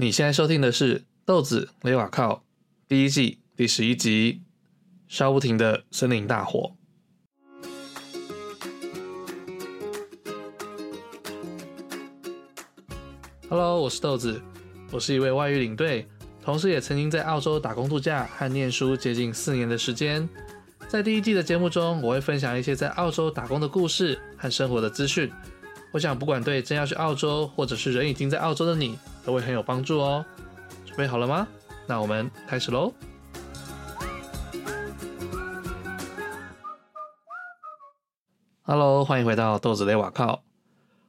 你現在收聽的是《豆子雷瓦靠》第一季第十一集《燒不停的森林大火》。Hello，我是豆子，我是一位外語領隊，同時也曾經在澳洲打工度假和念書接近四年的時間。在第一季的節目中，我會分享一些在澳洲打工的故事和生活的資訊。我想，不管對真要去澳洲，或者是人已經在澳洲的你，會很有幫助哦，準備好了嗎？那我們開始嘍。Hello，歡迎回到豆子雷瓦靠。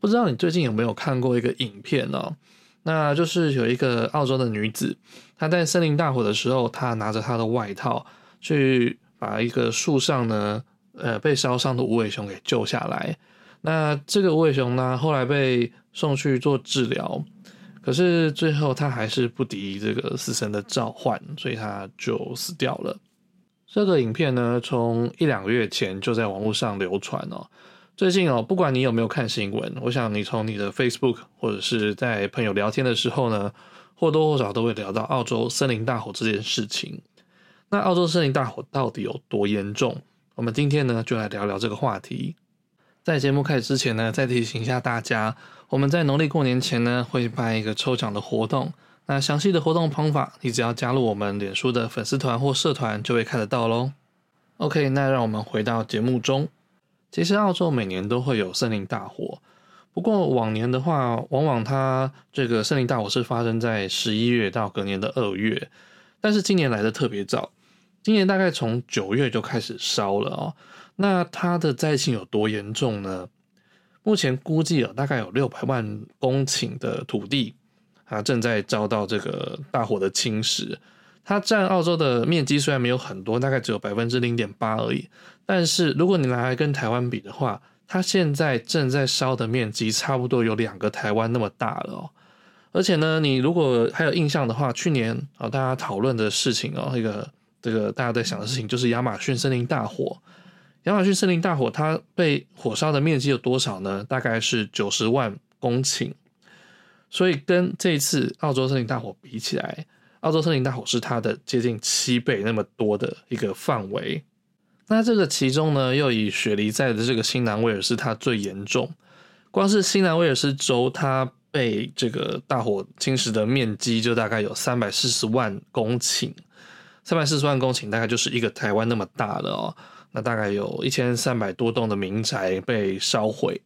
不知道你最近有沒有看過一個影片哦？那就是有一個澳洲的女子，她在森林大火的時候，她拿着她的外套去把一個樹上呢，呃，被燒傷的無尾熊給救下來。那這個無尾熊呢，後來被送去做治療。可是最後他還是不敵這個死神的召喚，所以他就死掉了。這個影片呢，從一兩個月前就在網絡上流傳哦。最近哦，不管你有沒有看新聞，我想你從你的 Facebook 或者是在朋友聊天的時候呢，或多或少都會聊到澳洲森林大火這件事情。那澳洲森林大火到底有多嚴重？我們今天呢，就來聊聊這個話題。在節目開始之前呢，再提醒一下大家，我們在農曆過年前呢會辦一個抽獎的活動。那詳細的活動方法，你只要加入我們臉書的粉絲團或社團，就會看得到嘍。OK，那讓我們回到節目中。其實澳洲每年都會有森林大火，不過往年的話，往往它這個森林大火是發生在十一月到隔年的二月，但是今年來的特別早，今年大概從九月就開始燒了哦。那它的災情有多嚴重呢？目前估計啊、喔，大概有六百萬公頃的土地啊正在遭到這個大火的侵蝕。它佔澳洲的面積雖然沒有很多，大概只有百分之零點八而已。但是如果你拿來跟台灣比的話，它現在正在燒的面積差不多有兩個台灣那麼大了、喔。而且呢，你如果還有印象的話，去年啊、喔、大家討論的事情啊、喔，一個這個大家在想的事情就是亞馬遜森林大火。亞馬遜森林大火，它被火燒的面積有多少呢？大概是九十萬公頃。所以跟這一次澳洲森林大火比起來，澳洲森林大火是它的接近七倍那麼多的一個範圍。那這個其中呢，又以雪梨在的這個新南威爾士，它最嚴重。光是新南威爾士州，它被這個大火侵蝕的面積就大概有三百四十萬公頃，三百四十萬公頃大概就是一個台灣那麼大了哦。那大概有一千三百多棟的民宅被燒毀。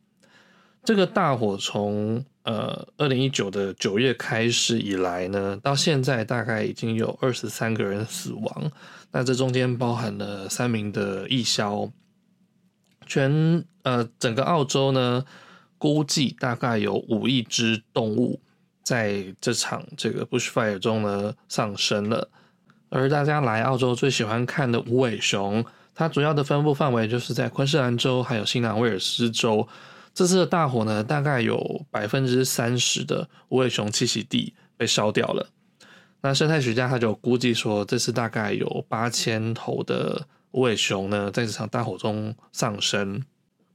這個大火從呃二零一九的九月開始以來呢，到現在大概已經有二十三個人死亡。那這中間包含了三名的義消。全呃整個澳洲呢，估計大概有五億隻動物在這場這個 Bushfire 中呢喪生了。而大家來澳洲最喜歡看的無尾熊。它主要的分布範圍就是在昆士蘭州還有新南威爾斯州。這次的大火呢，大概有百分之三十的無尾熊棲息地被燒掉了。那生態學家他就估計說，這次大概有八千頭的無尾熊呢，在這場大火中喪生。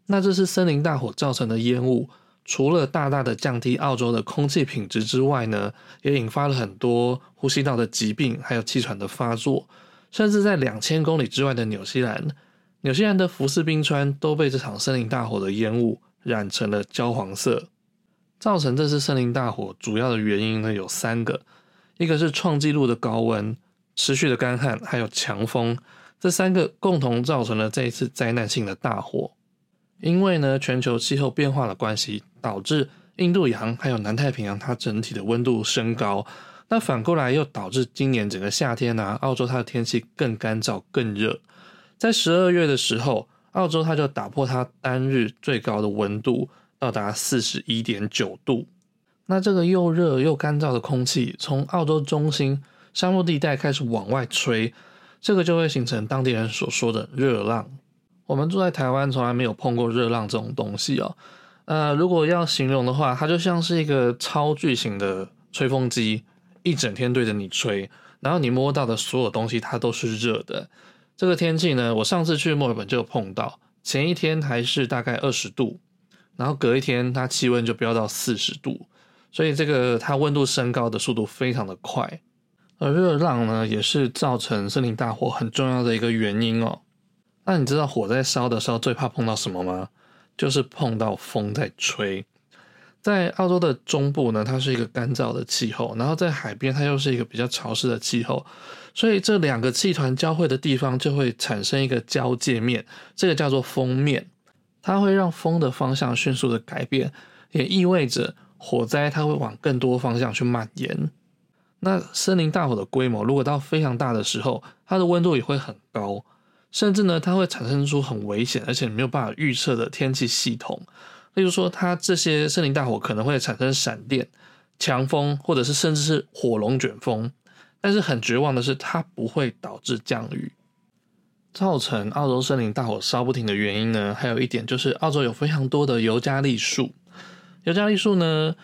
那這次森林大火造成的煙霧，除了大大的降低澳洲的空氣品質之外呢，也引發了很多呼吸道的疾病，還有氣喘的發作。甚至在兩千公里之外的紐西蘭，紐西蘭的福斯冰川都被這場森林大火的煙霧染成了焦黃色。造成這次森林大火主要的原因呢有三個，一個是創紀錄的高溫、持續的乾旱，還有強風，這三個共同造成了這一次災難性的大火。因為呢，全球氣候變化的關係，導致印度洋還有南太平洋它整體的溫度升高。那反過來又導致今年整個夏天呢、啊，澳洲它的天氣更乾燥、更熱。在十二月的時候，澳洲它就打破它單日最高的溫度，到達四十一點九度。那這個又熱又乾燥的空氣，從澳洲中心沙漠地帶開始往外吹，這個就會形成當地人所說的熱浪。我們住在台灣，從來沒有碰過熱浪這種東西哦。呃，如果要形容的話，它就像是一個超巨型的吹風機。一整天對着你吹，然後你摸到的所有東西它都是熱的。這個天氣呢，我上次去墨爾本就碰到，前一天還是大概二十度，然後隔一天它氣溫就飆到四十度，所以這個它溫度升高的速度非常的快。而熱浪呢，也是造成森林大火很重要的一個原因哦。那你知道火在燒的時候最怕碰到什麼嗎？就是碰到風在吹。在澳洲的中部呢，它是一個乾燥的氣候，然後在海邊它又是一個比較潮濕的氣候，所以這兩個氣團交匯的地方就會產生一個交界面，這個叫做鋒面，它會讓風的方向迅速的改變，也意味着火災它會往更多方向去蔓延。那森林大火的規模如果到非常大的時候，它的溫度也會很高，甚至呢它會產生出很危險而且沒有辦法預測的天氣系統。例如說，它這些森林大火可能會產生閃電、強風，或者是甚至是火龍捲風。但是很絕望的是，它不會導致降雨。造成澳洲森林大火燒不停的原因呢，還有一點就是澳洲有非常多的尤加利樹。尤加利樹呢，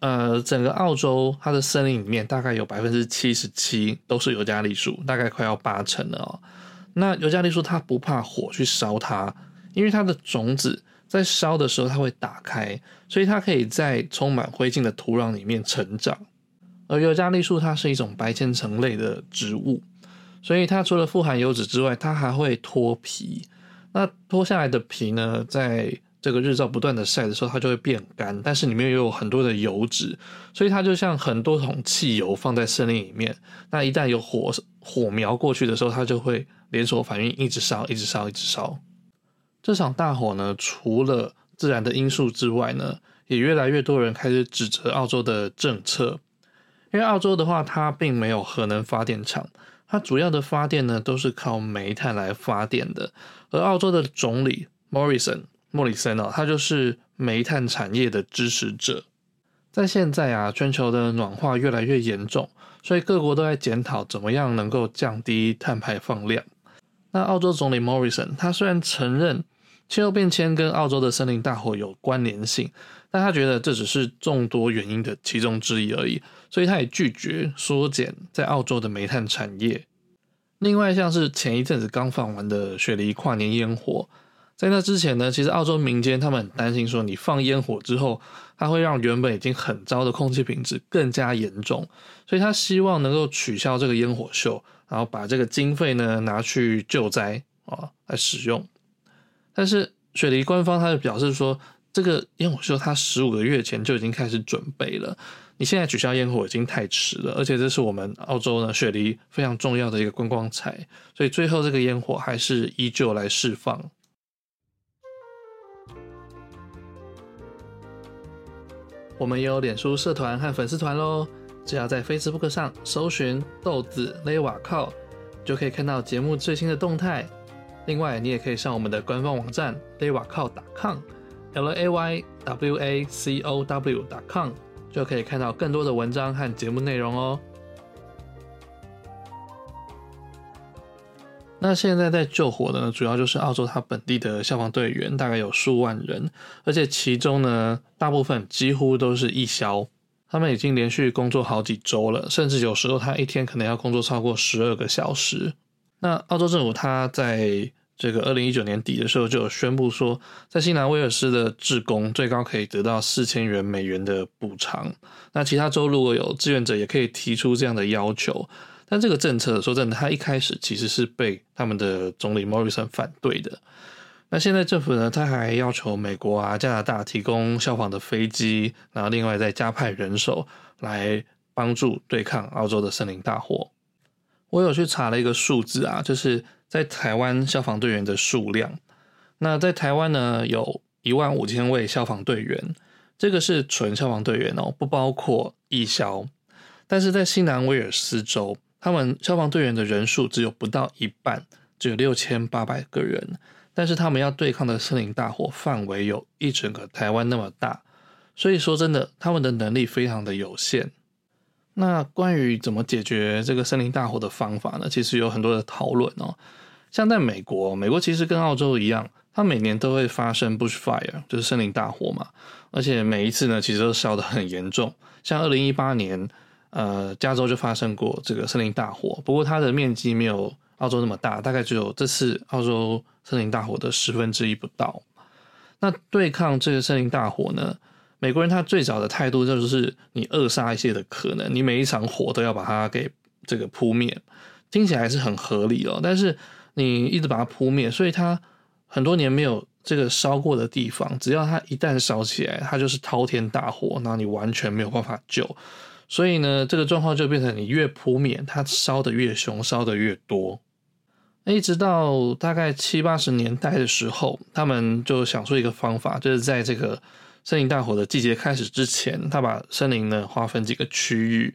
呃，整個澳洲它的森林裡面大概有百分之七十七都是尤加利樹，大概快要八成了哦。那尤加利樹它不怕火去燒它，因為它的種子。在燒的時候，它會打開，所以它可以在充滿灰燼的土壤裡面成長。而尤加利樹它是一種白千層類的植物，所以它除了富含油脂之外，它還會脫皮。那脫下來的皮呢，在這個日照不斷的曬的時候，它就會變乾，但是裡面也有很多的油脂，所以它就像很多桶汽油放在森林裡面。那一旦有火火苗過去的時候，它就會連鎖反應，一直燒，一直燒，一直燒。這場大火呢，除了自然的因素之外呢，也越來越多人開始指責澳洲的政策。因為澳洲的話，它並沒有核能發電廠，它主要的發電呢都是靠煤炭來發電的。而澳洲的總理莫里森，莫里森呢，他就是煤炭產業的支持者。在現在啊，全球的暖化越來越嚴重，所以各國都在檢討怎麼樣能夠降低碳排放量。那澳洲總理莫里森，他雖然承認，氣候變遷跟澳洲的森林大火有關聯性，但他覺得這只是眾多原因的其中之一而已，所以他也拒絕縮減在澳洲的煤炭產業。另外像是前一陣子剛放完的雪梨跨年煙火，在那之前呢，其實澳洲民間他們很擔心說，你放煙火之後，它會讓原本已經很糟的空氣品質更加嚴重，所以他希望能夠取消這個煙火秀，然後把這個經費呢拿去救災啊來使用。但是雪梨官方他就表示說，這個煙火秀他十五個月前就已經開始準備了，你現在取消煙火已經太遲了，而且這是我們澳洲呢雪梨非常重要的一個觀光財，所以最後這個煙火還是依舊來釋放。我們也有臉書社團和粉絲團嘍，只要在 Facebook 上搜尋豆子 Laywacow，就可以看到節目最新的動態。另外，你也可以上我們的官方網站 laywacow.com，l a y w a c o w.com，就可以看到更多的文章和節目內容哦。那現在在救火的呢，主要就是澳洲它本地的消防隊員，大概有數萬人，而且其中呢，大部分幾乎都是義消，他們已經連續工作好幾周了，甚至有時候他一天可能要工作超過十二個小時。那澳洲政府它在這個二零一九年底的時候就有宣布說，在新南威爾斯的志工最高可以得到四千元美元的補償。那其他州如果有志願者也可以提出這樣的要求。但這個政策說真的，它一開始其實是被他們的總理莫里森反對的。那現在政府呢，他還要求美國啊、加拿大提供消防的飛機，然後另外再加派人手來幫助對抗澳洲的森林大火。我有去查了一個數字啊，就是在台灣消防隊員的數量。那在台灣呢，有一萬五千位消防隊員，這個是純消防隊員哦，不包括義消。但是在新南威爾斯州，他們消防隊員的人數只有不到一半，只有六千八百個人。但是他們要對抗的森林大火範圍有一整個台灣那麼大，所以說真的，他們的能力非常的有限。那關於怎麼解決這個森林大火的方法呢？其實有很多的討論哦。像在美國，美國其實跟澳洲一樣，它每年都會發生 bushfire，就是森林大火嘛。而且每一次呢，其實都燒得很嚴重。像二零一八年，呃，加州就發生過這個森林大火，不過它的面積沒有澳洲那麼大，大概只有這次澳洲森林大火的十分之一不到。那對抗這個森林大火呢？美國人他最早的態度就是你扼殺一些的可能，你每一場火都要把它給這個撲滅，聽起來是很合理哦。但是你一直把它撲滅，所以它很多年沒有這個燒過的地方，只要它一旦燒起來，它就是滔天大火，那你完全沒有辦法救。所以呢，這個狀況就變成你越撲滅，它燒得越兇，燒得越多。那一直到大概七八十年代的時候，他們就想出一個方法，就是在這個。森林大火的季節開始之前，他把森林呢劃分幾個區域，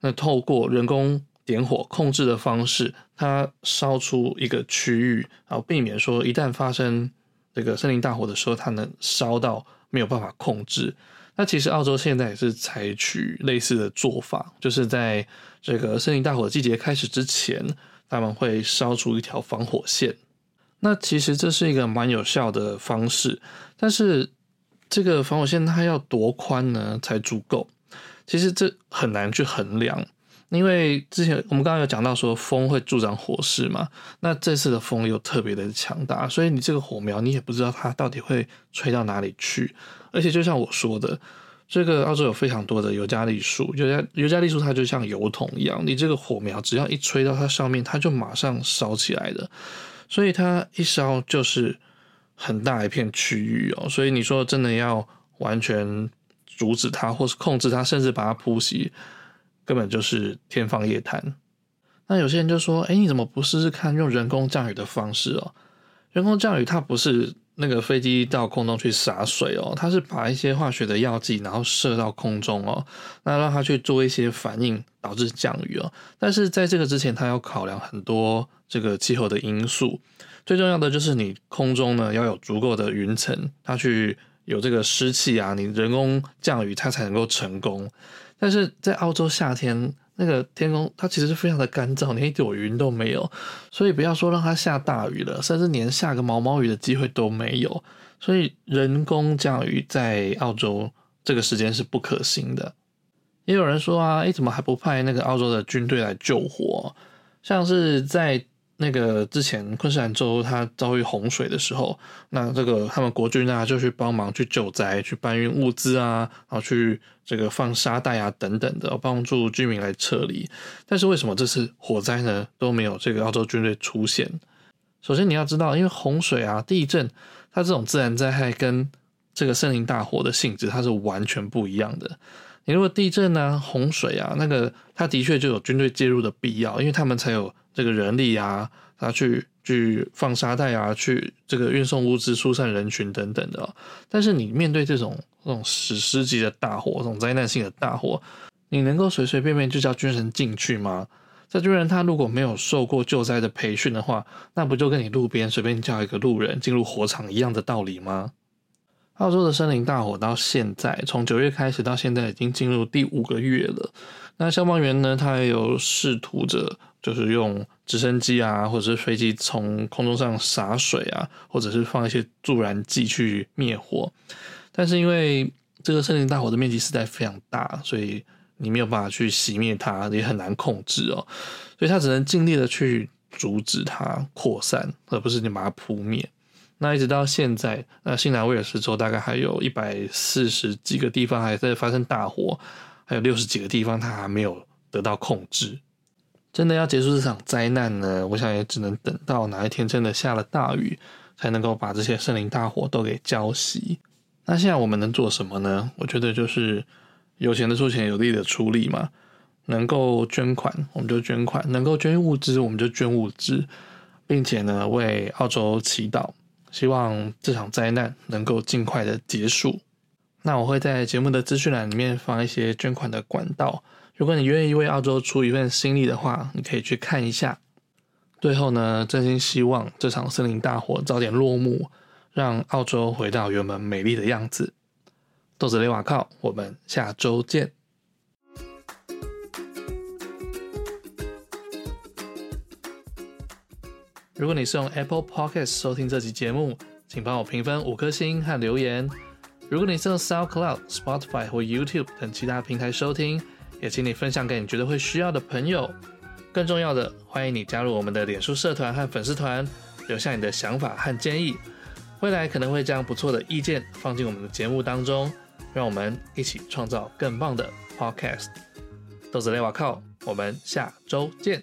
那透過人工點火控制的方式，他燒出一個區域，然後避免說一旦發生這個森林大火的時候，它能燒到沒有辦法控制。那其實澳洲現在也是採取類似的做法，就是在這個森林大火季節開始之前，他們會燒出一條防火線。那其實這是一個蠻有效的方式，但是。這個防火線它要多寬呢才足夠？其實這很難去衡量，因為之前我們剛剛有講到說風會助長火勢嘛，那這次的風又特別的強大，所以你這個火苗你也不知道它到底會吹到哪裡去。而且就像我說的，這個澳洲有非常多的尤加利樹，尤加尤加利樹它就像油桶一樣，你這個火苗只要一吹到它上面，它就馬上燒起來的，所以它一燒就是。很大一片區域哦，所以你說真的要完全阻止它，或是控制它，甚至把它撲熄，根本就是天方夜譚。那有些人就說：“哎、欸，你怎麼不試試看用人工降雨的方式哦？人工降雨它不是那個飛機到空中去灑水哦，它是把一些化學的藥劑然後射到空中哦，那讓它去做一些反應，導致降雨哦。但是在這個之前，它要考量很多這個氣候的因素。”最重要的就是你空中呢，要有足夠的雲層，它去有這個濕氣啊，你人工降雨它才能夠成功。但是在澳洲夏天，那個天空它其實是非常的乾燥，連一朵雲都沒有，所以不要說讓它下大雨了，甚至連下個毛毛雨的機會都沒有。所以人工降雨在澳洲這個時間是不可行的。也有人說啊，誒、欸，怎麼還不派那個澳洲的軍隊來救火？像是在。那個之前昆士蘭州它遭遇洪水的時候，那這個他們國軍啊就去幫忙去救災，去搬運物資啊，然後去這個放沙袋啊等等的，幫助居民來撤離。但是為什麼這次火災呢都沒有這個澳洲軍隊出現？首先你要知道，因為洪水啊、地震，它這種自然災害跟這個森林大火的性質它是完全不一樣的。你如果地震啊、洪水啊，那個他的確就有軍隊介入的必要，因為他們才有這個人力啊，他去去放沙袋啊，去這個運送物資、疏散人群等等的。但是你面對這種這種史詩級的大火、這種災難性的大火，你能夠隨隨便便便就叫軍人進去嗎？在軍人他如果沒有受過救災的培訓的話，那不就跟你路邊隨便叫一個路人進入火場一樣的道理嗎？澳洲的森林大火到現在，從九月開始到現在，已經進入第五個月了。那消防員呢？他也有試圖着，就是用直升機啊，或者是飛機從空中上灑水啊，或者是放一些助燃劑去滅火。但是因為這個森林大火的面積實在非常大，所以你沒有辦法去熄滅它，也很難控制哦。所以他只能盡力的去阻止它擴散，而不是你把它撲滅。那一直到現在，那新南威爾士州大概還有一百四十幾個地方還在發生大火，還有六十幾個地方它還沒有得到控制。真的要結束這場災難呢？我想也只能等到哪一天真的下了大雨，才能夠把這些森林大火都給澆熄。那現在我們能做什麼呢？我覺得就是有錢的出錢，有力的出力嘛。能夠捐款我們就捐款，能夠捐物資我們就捐物資，並且呢為澳洲祈禱。希望這場災難能夠盡快的結束。那我會在節目的資訊欄裡面放一些捐款的管道，如果你願意為澳洲出一份心力的話，你可以去看一下。最後呢，真心希望這場森林大火早點落幕，讓澳洲回到原本美麗的樣子。豆子雷瓦靠，我們下週見。如果你是用 Apple Podcast 收聽這期節目，請幫我評分五顆星和留言。如果你是用 SoundCloud、Spotify 或 YouTube 等其他平台收聽，也請你分享給你覺得會需要的朋友。更重要的，歡迎你加入我們的臉書社團和粉絲團，留下你的想法和建議。未來可能會將不錯的意見放進我們的節目當中，讓我們一起創造更棒的 Podcast。豆子雷瓦靠，我們下周見。